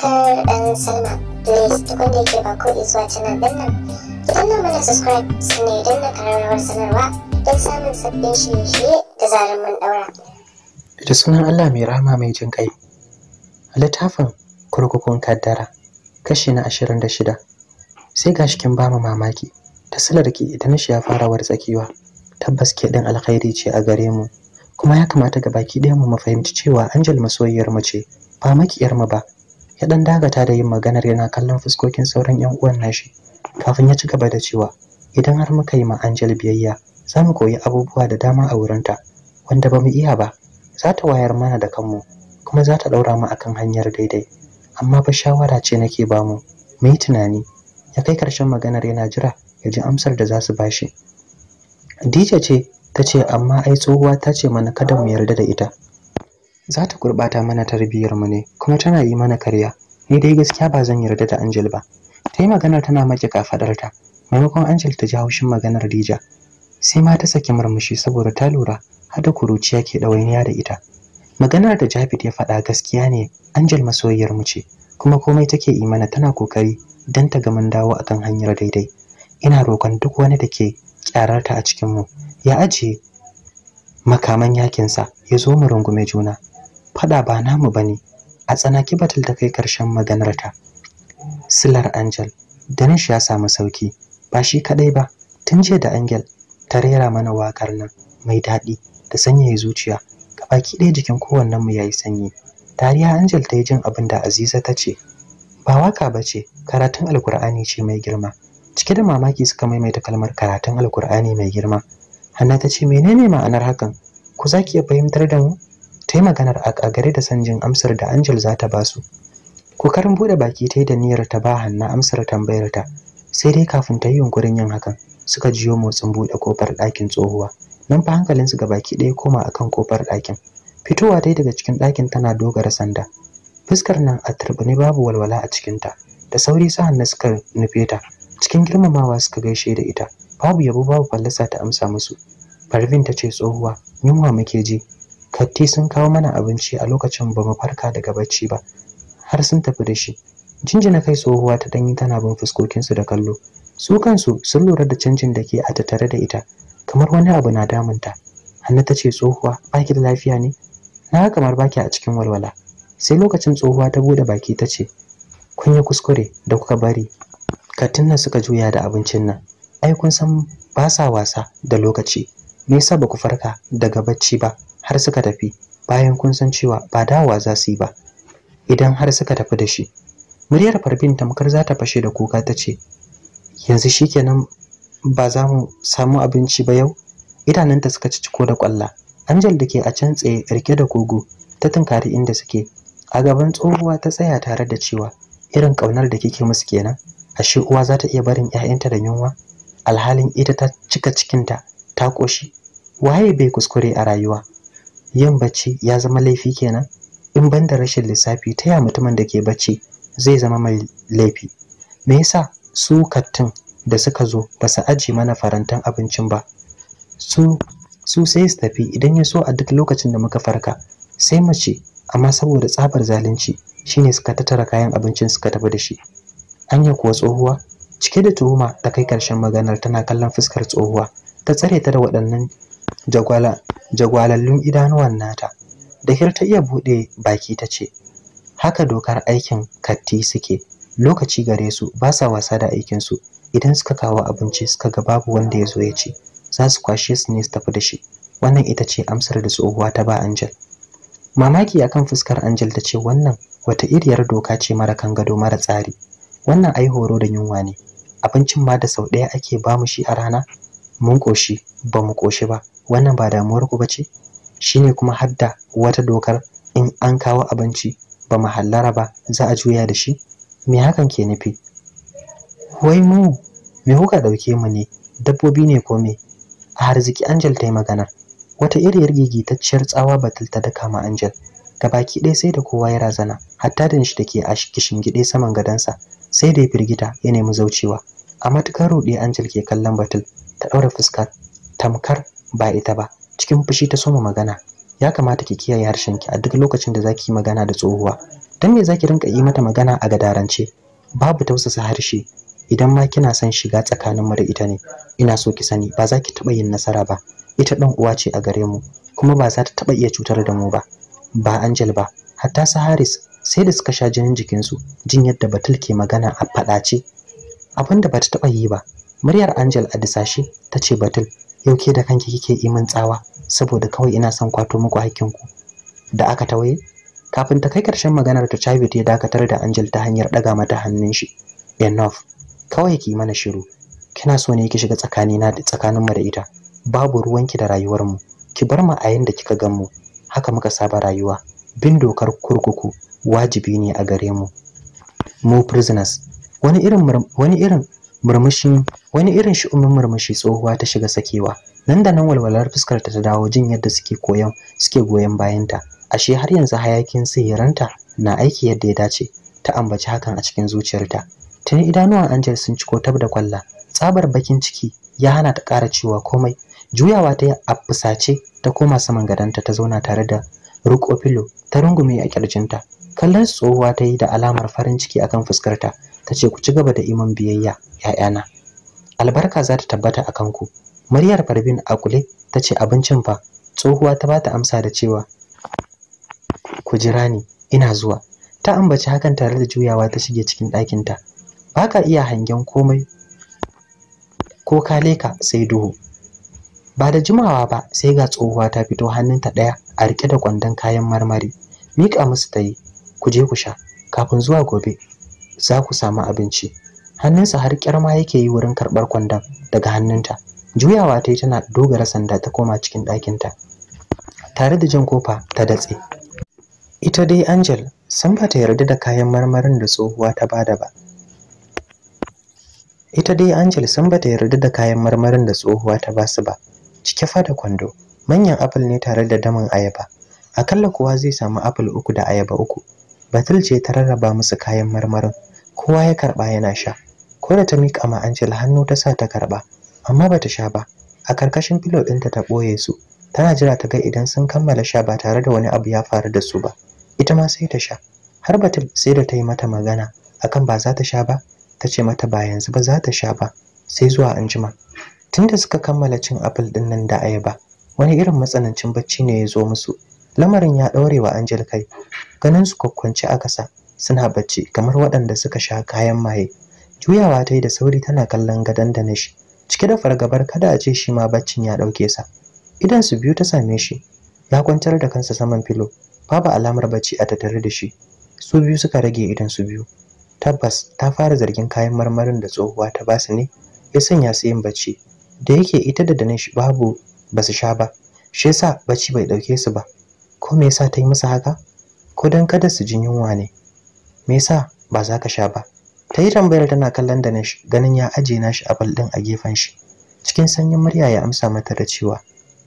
subscribe and sign up. Please tukun da yake ba ko zuwa canal din nan. Ki danna mana subscribe sannan idan na kararrawar sanarwa don samun sabbin shirye-shirye da zarar mun daura. Da sunan Allah mai rahama mai jin kai. Littafin kurkukun kaddara kashi na ashirin da shida. Sai gashi kin ba mamaki. Ta salarki idan shi ya fara wartsakiwa. Tabbas ke ɗin alkhairi ce a gare mu. kuma ya kamata ga baki ɗaya mu mafahimci cewa Angel masoyiyar mu ce ba makiyar mu ba ya dan dagata da yin maganar yana kallon fuskokin sauran yan uwan nashi kafin ya ci gaba da cewa idan har muka yi ma Angel biyayya za mu koyi abubuwa da dama a wurinta wanda ba mu iya ba za ta wayar mana da kanmu kuma za ta ɗaura mu akan hanyar daidai amma fa shawara ce nake ba mu mu yi tunani ya kai karshen maganar yana jira ya ji amsar da za su ba shi dija ce ta ce amma ai tsohuwa ta ce mana kada mu yarda da ita za ta gurɓata mana mu ne kuma tana yi mana karya ni dai gaskiya ba zan yarda da Angel ba ta yi maganar tana maƙi kafaɗarta maimakon Angel ta ji haushin maganar Rija sai ma ta saki murmushi saboda ta lura har da kuruciya ke ɗawainiya da ita maganar da Jafet ya faɗa gaskiya ne Angel masoyiyar mu ce kuma komai take yi mana tana kokari don ta ga mun dawo akan hanyar daidai ina roƙon duk wani da ke kyararta a cikin mu ya ajiye makaman yakinsa ya zo mu rungume juna faɗa ba namu ba ne a tsanaki batul ta kai ƙarshen maganarta silar angel danish ya samu sauki ba shi kaɗai ba tun jiya da angel ta rera mana wakar nan mai daɗi da sanyaya zuciya baki ɗaya jikin kowannen mu yayi sanyi dariya angel ta yi jin abin da aziza ta ce ba waka ba ce karatun alkur'ani ce mai girma cike da mamaki suka maimaita kalmar karatun alkur'ani mai girma hanna ta ce menene ma'anar hakan ku za ki iya fahimtar da mu ta yi maganar a kagare da sanjin amsar da angel za ta basu kokarin buɗe baki ta da niyyar ta ba hannu amsar tambayar ta sai dai kafin ta yi yunkurin yin hakan suka jiyo motsin buɗe kofar ɗakin tsohuwa nan fa hankalinsu ga baki ɗaya koma akan kofar ɗakin fitowa dai daga cikin ɗakin tana dogara sanda fuskar nan a turbine babu walwala a cikinta da sauri su hannu suka nufe ta cikin girmamawa suka gaishe da ita babu yabo babu fallasa ta amsa musu Parvin ta ce tsohuwa yunwa muke ji katti sun kawo mana abinci a lokacin ba mu farka daga bacci ba har sun tafi da shi jinjina kai tsohuwa ta danyi tana bin fuskokinsu da kallo su kansu sun lura da canjin da ke a tattare da ita kamar wani abu na damunta hannu ta ce tsohuwa baki da lafiya ne na kamar baki a cikin walwala sai lokacin tsohuwa ta bude baki ta ce kun yi kuskure da kuka bari katin nan suka juya da abincin nan ai kun san ba sa wasa da lokaci me yasa ba ku farka daga bacci ba har suka tafi bayan kun san cewa ba dawowa za su yi ba idan har suka tafi da shi muryar farbin tamkar za ta fashe da kuka ta ce yanzu shi shikenan ba za mu samu abinci ba yau idananta suka ci ciko da kwalla anjel da ke a can tsaye rike da kogo ta tunkari inda suke a gaban tsohuwa ta tsaya tare da cewa irin kaunar da kike musu kenan ashe uwa za ta iya barin 'ya'yanta da yunwa alhalin ita ta cika cikinta ta ƙoshi waye bai kuskure a rayuwa yin bacci ya zama laifi kenan in banda rashin lissafi ta ya mutumin da ke bacci zai zama mai laifi me yasa su kattin da suka zo ba su aji mana farantan abincin ba su su sai su tafi idan ya so a duk lokacin da muka farka sai mu ce amma saboda tsabar zalunci shine suka tattara kayan abincin suka tafi da shi anya kuwa tsohuwa cike da tuhuma ta kai karshen maganar tana kallon fuskar tsohuwa ta tsare ta da waɗannan jagwala jagwalallun idanuwan nata da kyar ta iya buɗe baki ta ce haka dokar aikin katti suke lokaci gare su ba sa wasa da aikinsu idan suka kawo abinci suka ga babu wanda ya zo ya ci za su kwashe su ne su tafi da shi wannan ita ce amsar da tsohuwa ta ba Angel. Mamaki akan fuskar Angel ta ce wannan wata iriyar doka ce mara kan gado mara tsari. Wannan ai horo da yunwa ne. Abincin ma da sau ɗaya ake ba mu shi a rana mun ƙoshi ba mu ƙoshi ba wannan ba damuwar ku bace shine kuma hadda wata dokar in an kawo abinci ba mu hallara ba za a juya da shi me hakan ke nufi wai mu me kuka ɗauke mu ne dabbobi ne ko me a harziki angel ta yi maganar wata iri iriyar gigitacciyar tsawa batul ta daka ma angel baki ɗaya sai da kowa ya razana hatta da shi da ke a gide saman gadansa sai da ya firgita ya nemi zaucewa a matukar ruɗe angel ke kallon batul ta ɗaura fuska tamkar ba ita ba cikin fushi ta soma magana ya kamata ki kiyaye harshen ki, a duk lokacin da zaki magana da tsohuwa dan me zaki rinka yi mata magana a gadarance babu tausasa harshe idan ma kina son shiga tsakanin mu da ita ne ina so ki sani ba za ki taɓa yin nasara ba ita ɗan uwa ce a gare mu kuma ba za ta taɓa iya cutar da mu ba ba Angel ba hatta su Haris sai da suka sha jinin jikinsu jin yadda Batul ke magana a faɗace abinda ba ta taɓa yi ba muryar angel a disashe ta ce batul yau ke da kanki kike yi min tsawa saboda kawai ina son kwato muku hakkinku da aka tawaye kafin ta kai karshen maganar ta Chavit ya dakatar da Angel ta hanyar daga mata hannun shi enough kawai ki mana shiru kina so ne ki shiga tsakani na da tsakanin mu da ita babu ruwanki da rayuwar mu ki bar mu a yanda kika gan mu haka muka saba rayuwa bin dokar kurkuku wajibi ne a gare mu mu prisoners wani irin wani irin murmushi wani irin shi'umin murmushi tsohuwa ta shiga sakewa nan da nan walwalar fuskarta ta dawo jin yadda suke koyon suke goyon bayanta ashe har yanzu hayakin sihiranta na aiki yadda ya dace ta ambaci hakan a cikin zuciyarta tuni idanuwan Angel sun ciko tab da kwalla tsabar bakin ciki ya hana ta ƙara cewa komai juyawa ta yi a fusace ta koma saman gadonta ta zauna tare da ruko filo ta rungume a kirjinta kallon tsohuwa ta yi da alamar farin ciki akan fuskarta ta ce ku ci gaba da iman biyayya ‘ya'yana albarka za ta tabbata a kanku muryar farbin a kule ta ce abincin fa tsohuwa ta bata amsa da cewa ku jira ni ina zuwa ta ambaci hakan tare da juyawa ta shige cikin ɗakinta ba ka iya hangen komai ko ka sai duhu ba da jimawa ba sai ga tsohuwa ta fito hannunta ɗaya a riƙe da kwandon kayan marmari miƙa musu ta yi ku je ku sha kafin zuwa gobe za ku samu abinci hannunsa har kyarma yake yi wurin karɓar kwandon daga hannunta juyawa ta yi tana dogara sanda ta koma cikin ɗakinta tare da jan kofa ta datse ita dai angel san ba ta yarda da kayan marmarin da tsohuwa ta bada ba ita dai angel san ba ta yarda da kayan marmarin da tsohuwa ta ba su ba cike fa da kwando manyan apple ne tare da daman ayaba akalla kowa zai samu apple uku da ayaba uku batul ce ta rarraba musu kayan marmarin kowa ya karba yana sha ko da ta miƙa ma Angel hannu ta sa ta karba amma bata sha ba a karkashin filo ɗinta ta ɓoye su tana jira ta ga idan sun kammala sha ba tare da wani abu ya faru da su ba ita ma sai ta sha har batul sai da ta yi mata magana akan ba za ta sha ba ta ce mata ba yanzu ba za ta sha ba sai zuwa anjima tunda suka kammala cin apple din nan da ayaba wani irin matsanancin bacci ne ya zo musu lamarin ya daure wa Angel kai ganin su kwakkwance a ƙasa suna bacci kamar waɗanda suka sha kayan maye juyawa ta yi da sauri tana kallon gadon da na shi. cike da fargabar kada a ce shi ma baccin ya ɗauke sa idan su biyu ta same shi ya kwantar da kansa saman filo babu alamar bacci a tattare da shi su biyu suka rage idan su biyu tabbas ta fara zargin kayan marmarin da tsohuwa ta basu ne ya sanya su yin bacci da yake ita da danish babu ba su sha ba shi yasa bacci bai ɗauke su ba ko me yasa ta yi masa haka ko don kada su jin yunwa ne me yasa ba za ka sha ba ta yi tambayar tana kallon Danish ganin ya aje nashi a bal din a gefen shi cikin sanyin murya ya amsa mata da cewa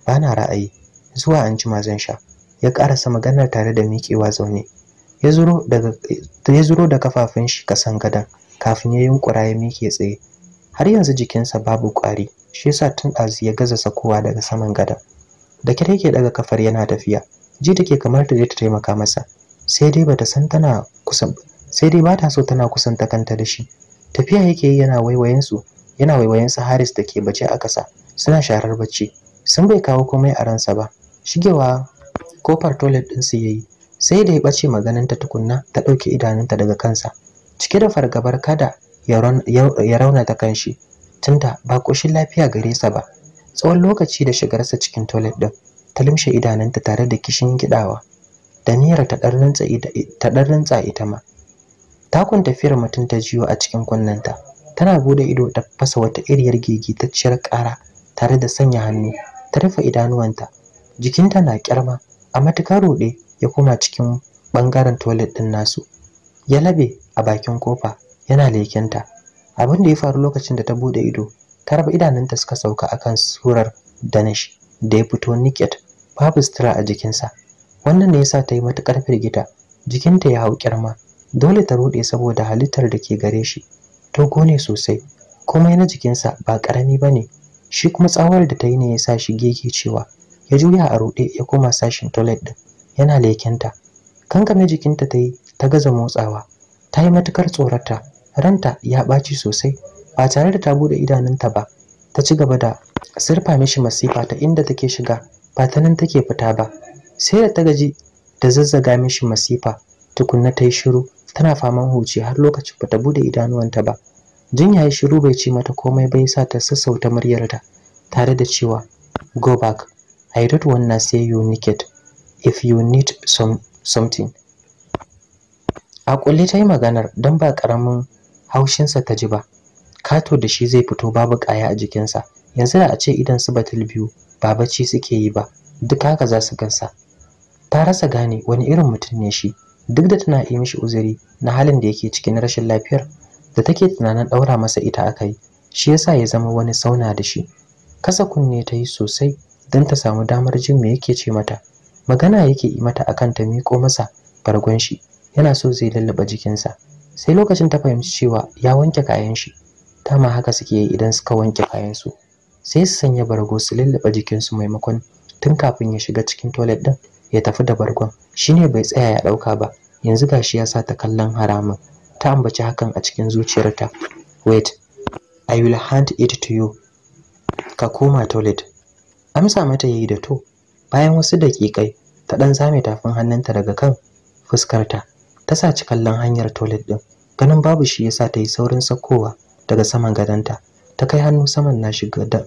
ba na ra'ayi zuwa an ji zan sha ya karasa maganar tare da miƙewa zaune ya zuro daga ya zuro da kafafun shi kasan gadan kafin ya yunkura ya miƙe tsaye har yanzu jikinsa babu ƙwari shi yasa tun ɗazu ya gaza sakowa daga saman gada da kira yake daga kafar yana tafiya ji take kamar ta yi ta taimaka masa sai dai bata san tana kusa sai dai bata so tana kusanta kanta da shi tafiya yake yi yana waiwayen su yana waiwayen su Haris da ke bace a kasa suna sharar bacci sun bai kawo komai a ransa ba shigewa kofar toilet din su yayi sai da ya bace ta tukunna ta dauke idanunta daga kansa cike da fargabar kada ya rauna raunata kanshi tunda ba koshin lafiya gare sa ba tsawon lokaci da shigarsa cikin toilet din ta limshe idanunta tare da kishin gidawa da niyyar ta ɗan rantsa ita ma takun tafiyar mutum ta jiyo a cikin kunnenta tana bude ido ta fasa wata iriyar ciyar ƙara tare da sanya hannu ta rufe idanuwanta jikinta na kyarma a matuƙar ruɗe ya koma cikin ɓangaren toilet ɗin nasu ya labe a bakin kofa yana lekenta abin da ya faru lokacin da ta bude ido ta raba idanunta suka sauka akan surar danish da ya fito niket babu sutura a jikinsa wannan ne yasa ta yi matukar firgita jikinta ya hau kyarma dole ta ruɗe saboda halittar da ke gare shi dogo ne sosai komai na jikinsa ba karami ba ne shi kuma tsawar da ta yi ne ya sa shi gege cewa ya juya a ruɗe ya koma sashin toilet din yana lekenta kankame jikinta ta yi ta gaza motsawa ta yi matukar tsorata ranta ya ɓaci sosai ba tare da ta bude idanunta ba ta ci gaba da sirfa mishi masifa ta inda take shiga ba ta nan take fita ba sai da ta gaji da zazzaga mishi masifa tukunna ta yi shiru tana faman huci har lokacin bata bude idanuwanta ba jinya yayi shiru bai ce mata komai bai sa ta sassauta muryarta tare da cewa go back i don't wanna say you naked if you need some something a kulle ta yi maganar don ba karamin haushinsa ta ji ba kato da shi zai fito babu kaya a jikinsa yanzu da a ce idan su batul biyu ba bacci suke yi ba duk haka za su gansa ta rasa gane wani irin mutum ne shi duk da tana yi mishi uzuri na halin da yake cikin rashin lafiyar da take tunanin ɗaura masa ita aka yi shi yasa ya zama wani sauna da shi kasa kunne ta yi sosai don ta samu damar jin me yake ce mata magana yake yi mata akan ta miƙo masa bargon shi yana so zai lallaba jikinsa sai lokacin ta fahimci cewa ya wanke kayan shi ta ma haka suke yi idan suka wanke kayan su sai su sanya bargo su lallaba jikinsu maimakon tun kafin ya shiga cikin toilet din ya tafi da bargon shine bai tsaya ya dauka ba yanzu gashi ya sa ta kallon haramun ta ambaci hakan a cikin zuciyarta wait i will hand it to you ka koma toilet amsa mata yayi da to bayan wasu dakikai ta dan zame tafin hannunta daga kan fuskarta ta saci kallon hanyar toilet din ganin babu shi yasa ta yi saurin sakowa daga saman gadanta ta kai hannu saman nashi gadan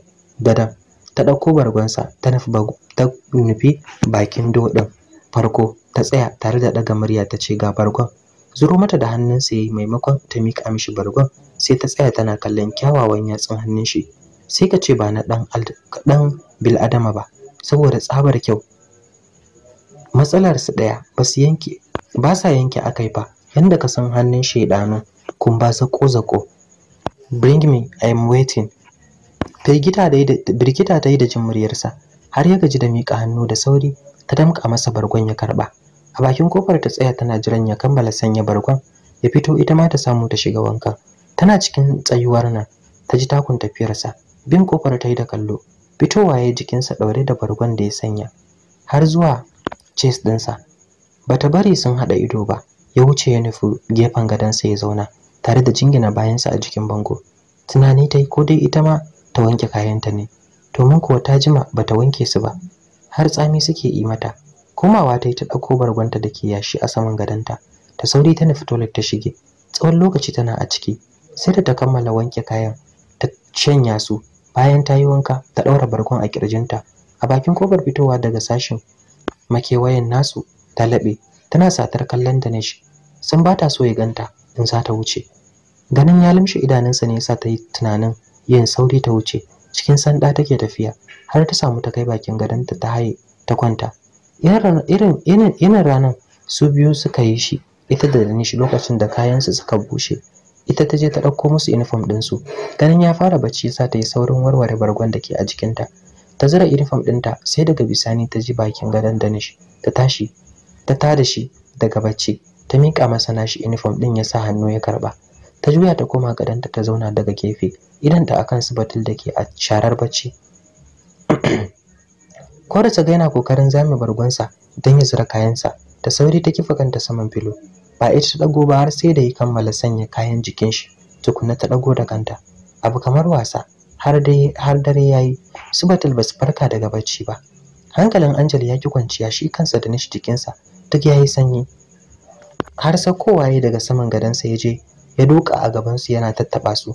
ta ɗauko bargonsa ta nufi bakin doɗin farko ta tsaya tare da ɗaga murya ta ce ga bargon zuro mata da hannun sa yayi maimakon ta miƙa mishi bargon sai ta tsaya tana kallon kyawawan yatsun hannun shi sai ka ce ba na ɗan ɗan adama ba saboda tsabar kyau matsalar su ɗaya ba su yanke ba sa yanke akai ba yanda ka san hannun shaidanu kun ba zako zako bring me I am waiting birgita ta yi da jin muryarsa har ya gaji da miƙa hannu da sauri ta damƙa masa bargon ya karɓa a bakin kofar ta tsaya tana jiran ya kammala sanya bargon ya fito ita ma ta samu ta shiga wanka tana cikin tsayuwar nan ta ji takun tafiyarsa bin kofar ta yi da kallo fitowa ya jikinsa ɗaure da bargon da ya sanya har zuwa chase ɗinsa bata bari sun haɗa ido ba ya wuce ya nufi gefen gadonsa ya zauna tare da jingina bayansa a jikin bango tunani ta yi ko dai ita ma ta wanke kayanta ne domin kuwa ta jima ba ta wanke su ba har tsami suke yi mata komawa ta yi ta ɗauko bargonta da ke yashi a saman gadonta ta sauri ta nufi toilet ta shige tsawon lokaci tana a ciki sai da ta kammala wanke kayan ta shanya su bayan ta yi wanka ta ɗaura bargon a kirjinta a bakin kofar fitowa daga sashin makewayen nasu ta laɓe tana satar kallon shi sun ba ta so ya ganta in za ta wuce ganin ya limshe idanunsa ne yasa ta yi tunanin yin sauri ta wuce cikin sanda take tafiya har ta samu ta kai bakin gadonta ta haye ta kwanta irin irin ranar su biyu suka yi shi ita da danishi lokacin da kayansu suka bushe ita ta je ta ɗauko musu uniform ɗinsu ganin ya fara bacci sa ta yi saurin warware bargon da ke a jikinta ta zira uniform ɗinta sai daga bisani ta ji bakin gadon danish ta tashi ta da shi daga bacci ta miƙa masa nashi uniform ɗin ya sa hannu ya karɓa ta juya ta koma gadonta ta zauna daga gefe idan ta akan su batul da ke a sharar bacci kore ta gaina kokarin zame bargonsa don ya zura kayansa da sauri ta kifa kanta saman filo ba ita ta dago ba har sai da ya kammala sanya kayan jikin shi tukuna ta dago da kanta abu kamar wasa har dai har dare yayi su batul basu farka daga bacci ba hankalin Angel ya ki kwanciya shi kansa da nishi jikinsa duk yayi sanyi har sai kowaye daga saman gadansa ya je ya duka a gabansu yana tattaba su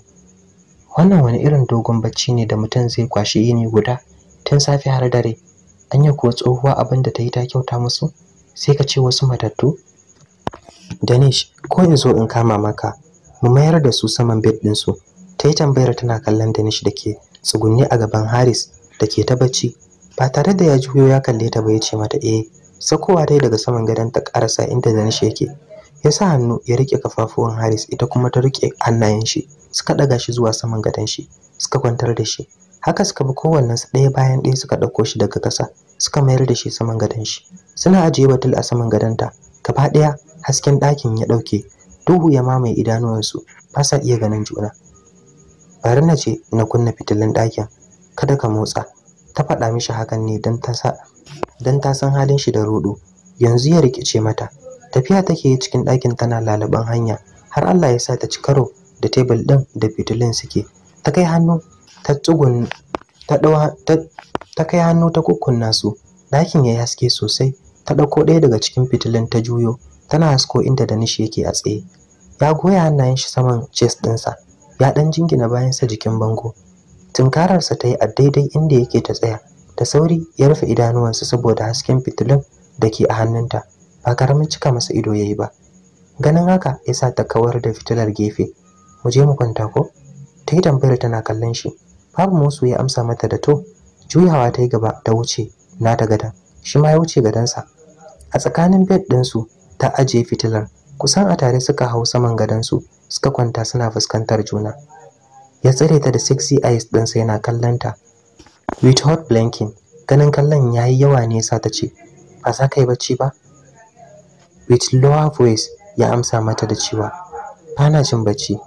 wannan wani irin dogon bacci ne da mutum zai kwashi yini guda tun safe har dare anya kuwa tsohuwa abin da ta yi ta kyauta musu sai ka ce wasu matattu danish ko in zo in kama maka mu mayar da su saman bed ɗinsu ta yi tambayar tana kallon danish da ke tsugunni a gaban haris da ke ta bacci ba tare da ya juyo ya kalle ta ba ce mata eh sakowa dai daga saman gadon ta karasa inda danish yake ya sa hannu ya rike kafafuwan Haris ita kuma ta rike hannayen shi suka daga shi zuwa saman gadon shi suka kwantar da shi haka suka bi kowanne su ɗaya bayan ɗaya suka ɗauko shi daga ƙasa suka mayar da shi saman gadon shi suna ajiye batul a saman gadonta gaba ɗaya hasken ɗakin ya ɗauke duhu ya mamaye idanuwansu ba sa iya ganin juna bari na ce na kunna fitilun ɗakin kada ka motsa ta faɗa mishi hakan ne don ta san halin shi da rodo yanzu ya rikice mata tafiya take cikin ɗakin tana lalaban hanya har Allah ya sa ta ci karo da tebul ɗin da fitilun suke ta kai hannu ta tsugun ta ɗawa ta kai hannu ta kukkunna su ɗakin ya haske sosai ta ɗauko ɗaya daga cikin fitilun ta juyo tana hasko inda da nishi yake a tsaye ya goya hannayen shi saman chest ɗinsa ya ɗan jingina bayansa jikin bango tunkararsa ta yi a daidai inda yake ta tsaya da sauri ya rufe idanuwansa saboda hasken fitilun da ke a hannunta ba karamin cika masa ido yayi ba ganin haka ya sa ta kawar da fitilar gefe mu je mu kwanta ko ta yi tambayar tana kallon shi babu musu ya amsa mata da to juyawa ta yi gaba ta wuce na ta gadan shi ma ya wuce gadansa a tsakanin bed ɗinsu ta ajiye fitilar kusan a tare suka hau saman gadansu suka kwanta suna fuskantar juna ya tsare ta da sexy eyes ɗinsa yana kallon ta with hot blinking ganin kallon ya yi yawa ne sa ta ce ba za ka yi bacci ba with lower voice ya amsa mata da cewa bana jin bacci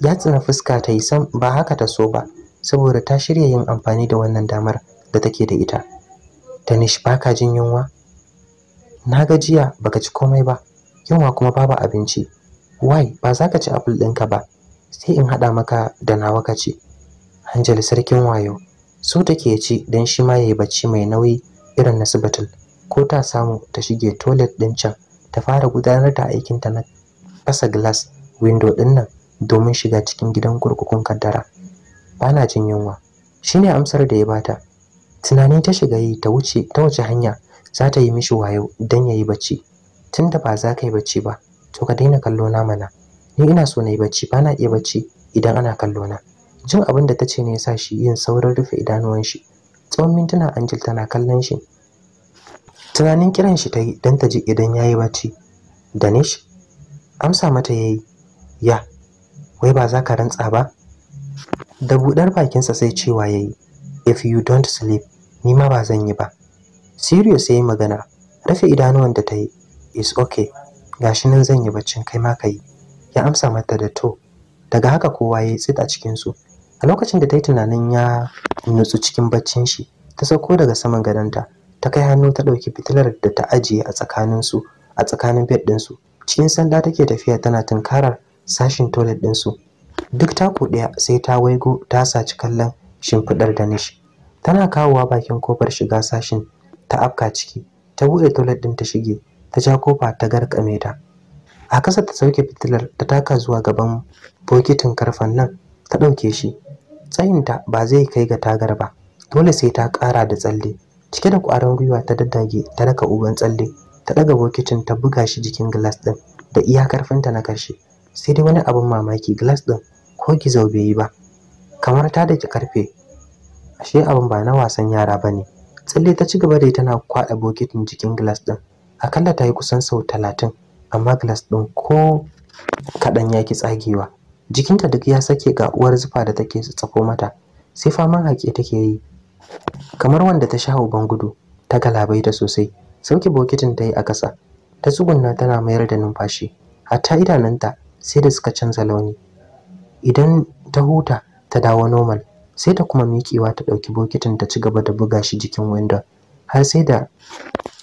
ya tsina fuska ta yi sam ba haka ta so ba saboda ta shirya yin amfani da wannan damar da take da ita tanish baka jin yunwa na gajiya baka ci komai ba yunwa kuma babu abinci wai ba za ka ci apple ɗinka ba sai in haɗa maka da nawa ka ci hanjal sarkin wayo so take ci don shi ma ya yi bacci mai nauyi irin na subatul ko ta samu ta shige toilet ɗin can ta fara gudanar da aikinta na fasa glass window ɗin nan domin shiga cikin gidan kurkukun kaddara bana jin yunwa shine amsar da ya bata tunani ta shiga yi ta wuce ta wace hanya za ta yi mishi wayo dan yayi bacci tunda ba za ka yi bacci ba to ka daina kallo na mana ni ina so na yi bacci bana iya bacci idan ana kallo na jin abin da ta ce ne sa shi yin saurin rufe idanuwan shi tsawon mintuna Angel tana kallon shi tunanin kiran shi ta yi don ta ji idan ya yi bacci danish amsa mata ya yi ya wai ba za ka rantsa ba da buɗar bakinsa sai cewa ya yi if you don't sleep nima ba zan yi ba sirius ya yi magana rufe da ta yi is okay gashi nan zan yi baccin kai ma ka yi ya amsa mata da to daga haka kowa ya yi tsit a cikinsu a lokacin da ta yi tunanin ya nutsu cikin baccin shi ta sauko daga saman gadonta ta kai hannu ta ɗauki fitilar da ta ajiye a tsakaninsu a tsakanin bed ɗinsu cikin sanda take tafiya tana tunkarar sashin toilet ɗinsu duk taku ɗaya sai ta waigo ta saci kallon shimfiɗar da nishi tana kawowa bakin kofar shiga sashin ta afka ciki ta buɗe toilet ɗin ta shige ta ja kofa ta garkame ta a kasa ta sauke fitilar ta taka zuwa gaban bokitin karfen nan ta ɗauke shi tsayinta ba zai kai ga tagar ba dole sai ta ƙara da tsalle cike da ƙwarin gwiwa ta daddage ta daka uban tsalle ta daga bokitin ta buga shi jikin glass din da iya karfinta na karshe sai dai wani abin mamaki glass din ko gizo bai yi ba kamar ta daki karfe ashe abin ba na wasan yara ba ne tsalle ta ci gaba da tana kwaɗa bokitin jikin glass din akalla ta yi kusan sau talatin amma glass din ko kaɗan ya ki tsagewa jikinta duk ya sake ga uwar zufa da take tsako mata sai faman haƙe take yi kamar wanda ta sha uban gudu ta galabaita sosai sauke bokitin ta yi a ƙasa ta tsugunna tana mayar da numfashi hatta idanunta sai da suka canza launi idan ta huta ta dawo normal sai ta kuma miƙewa ta ɗauki bokitin ta ci gaba da buga shi jikin windo, har sai da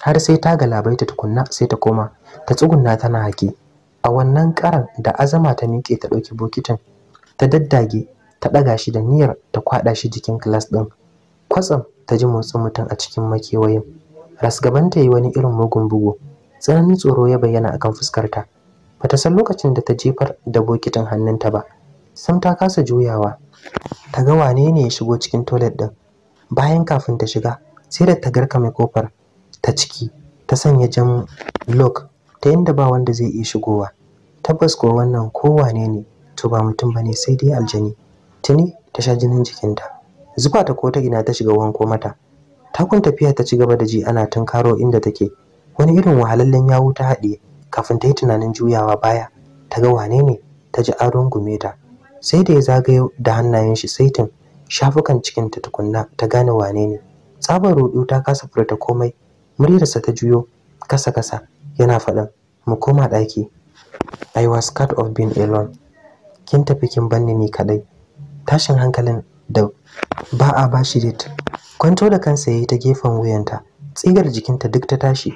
har sai ta galabaita tukunna sai ta koma ta tsugunna tana haƙi a wannan karan da azama ta miƙe ta ɗauki bokitin ta daddage ta ɗaga shi da niyyar ta kwaɗa shi jikin kilas ɗin kwatsam ta ji motsin mutum a cikin makewayin rasgaban ta yi wani irin mugun bugu tsananin tsoro ya bayyana akan fuskarta ba ta san lokacin da ta jefar da bokitin hannunta ba sam ta kasa juyawa ta ga wane ne ya shigo cikin toilet din bayan kafin ta shiga sai da ta garka mai kofar ta ciki ta sanya jan lock ta yadda ba wanda zai iya shigowa tabbas ko wannan kowane ne to ba mutum ba ne, sai dai aljani tuni ta sha jinin jikinta zufa ta kota ta ina ta shiga wanko mata takun tafiya ta ci gaba da ji ana tunkaro inda take wani irin wahalallen yawo ta haɗiye kafin ta yi tunanin juyawa baya ta ga wane ne ta ji aron gume ta sai da ya zagayo da hannayen shi saitin shafukan cikin ta tukunna ta gane wane ne tsabar rudu ta kasa furta komai muryarsa ta juyo kasa kasa yana faɗan mu koma ɗaki i was scared of being alone kin tafi kin banni ni kadai tashin hankalin da ba a ba shi date kwanto da kansa yayi ta gefen wuyanta tsigar jikinta duk ta tashi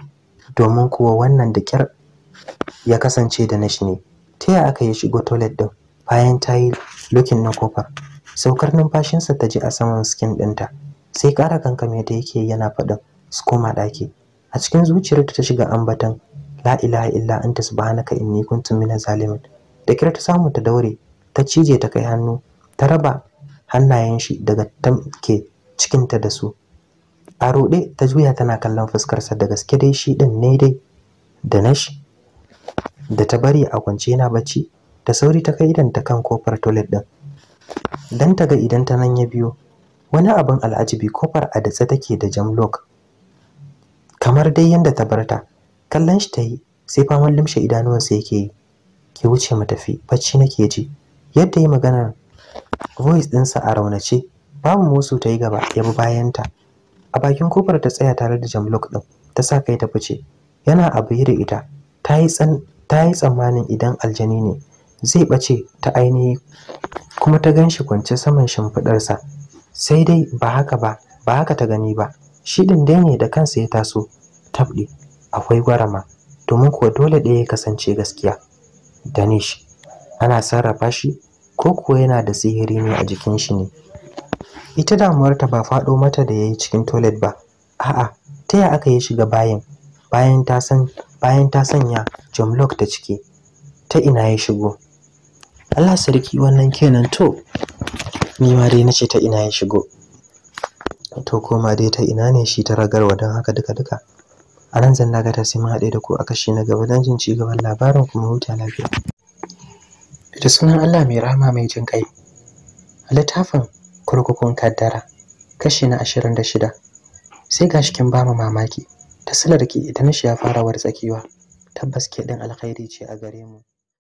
domin kuwa wannan da kyar ya kasance da nashi ne ta yaya aka yi shigo toilet din bayan ta yi lokin na kofar saukar numfashinsa ta ji a saman skin ɗinta sai ƙara kankame da yake yana faɗin su koma ɗaki a cikin zuciyarta, ta shiga ambatan la ilaha illa anta subhanaka inni kuntu minaz zalimin da kira ta samu ta daure ta cije ta kai hannu ta raba hannayen shi daga tamke cikinta da su a roɗe ta juya tana kallon fuskarsa da gaske dai shi ɗin ne dai da nashi da ta bari a kwance na bacci da sauri ta kai idanta kan kofar toilet ɗin dan ta ga idan ta nan ya biyo wani abin al'ajibi kofar a datse take da jam lock kamar dai yadda ta bar ta kallon shi ta yi sai faman limshe idanuwansa yake yi ki wuce mu tafi bacci nake ji yadda yi maganar voice ɗinsa a raunace babu musu ta yi gaba ya bi bayanta a bakin kofar ta tsaya tare da jamlok ɗin ta sa kai ta fice yana abu da ita ta yi tsammanin idan aljani ne zai ɓace ta ainihi kuma ta gan shi kwance saman shimfiɗarsa sai dai ba haka ba ba haka ta gani ba shi dai ne da kansa ya taso tabɗi akwai gwarama domin kuwa dole ɗaya ya kasance gaskiya danish ana sarrafa shi ko kuwa yana da sihiri ne a jikin shi ne ita damuwarta ba faɗo mata da ya yi cikin toilet ba a'a ta ya aka yi shiga bayan bayan ta san bayan ta sanya jomlok ta ciki ta ina ya shigo Allah sarki wannan kenan to ni ma dai nace ta ina ya shigo to koma dai ta ina ne shi ta ragarwa don haka duka duka a nan zan daga ta sai mun haɗe da ku a kashi na gaba don jin ci gaban labarin kuma huta lafiya da sunan Allah mai rahama mai jin kai littafin kurkukun kaddara kashi na ashirin da shida, sai gashi kin ba mu mamaki ta silarki idan shi ya fara wartsakewa tabbas ke alkhairi ce a gare mu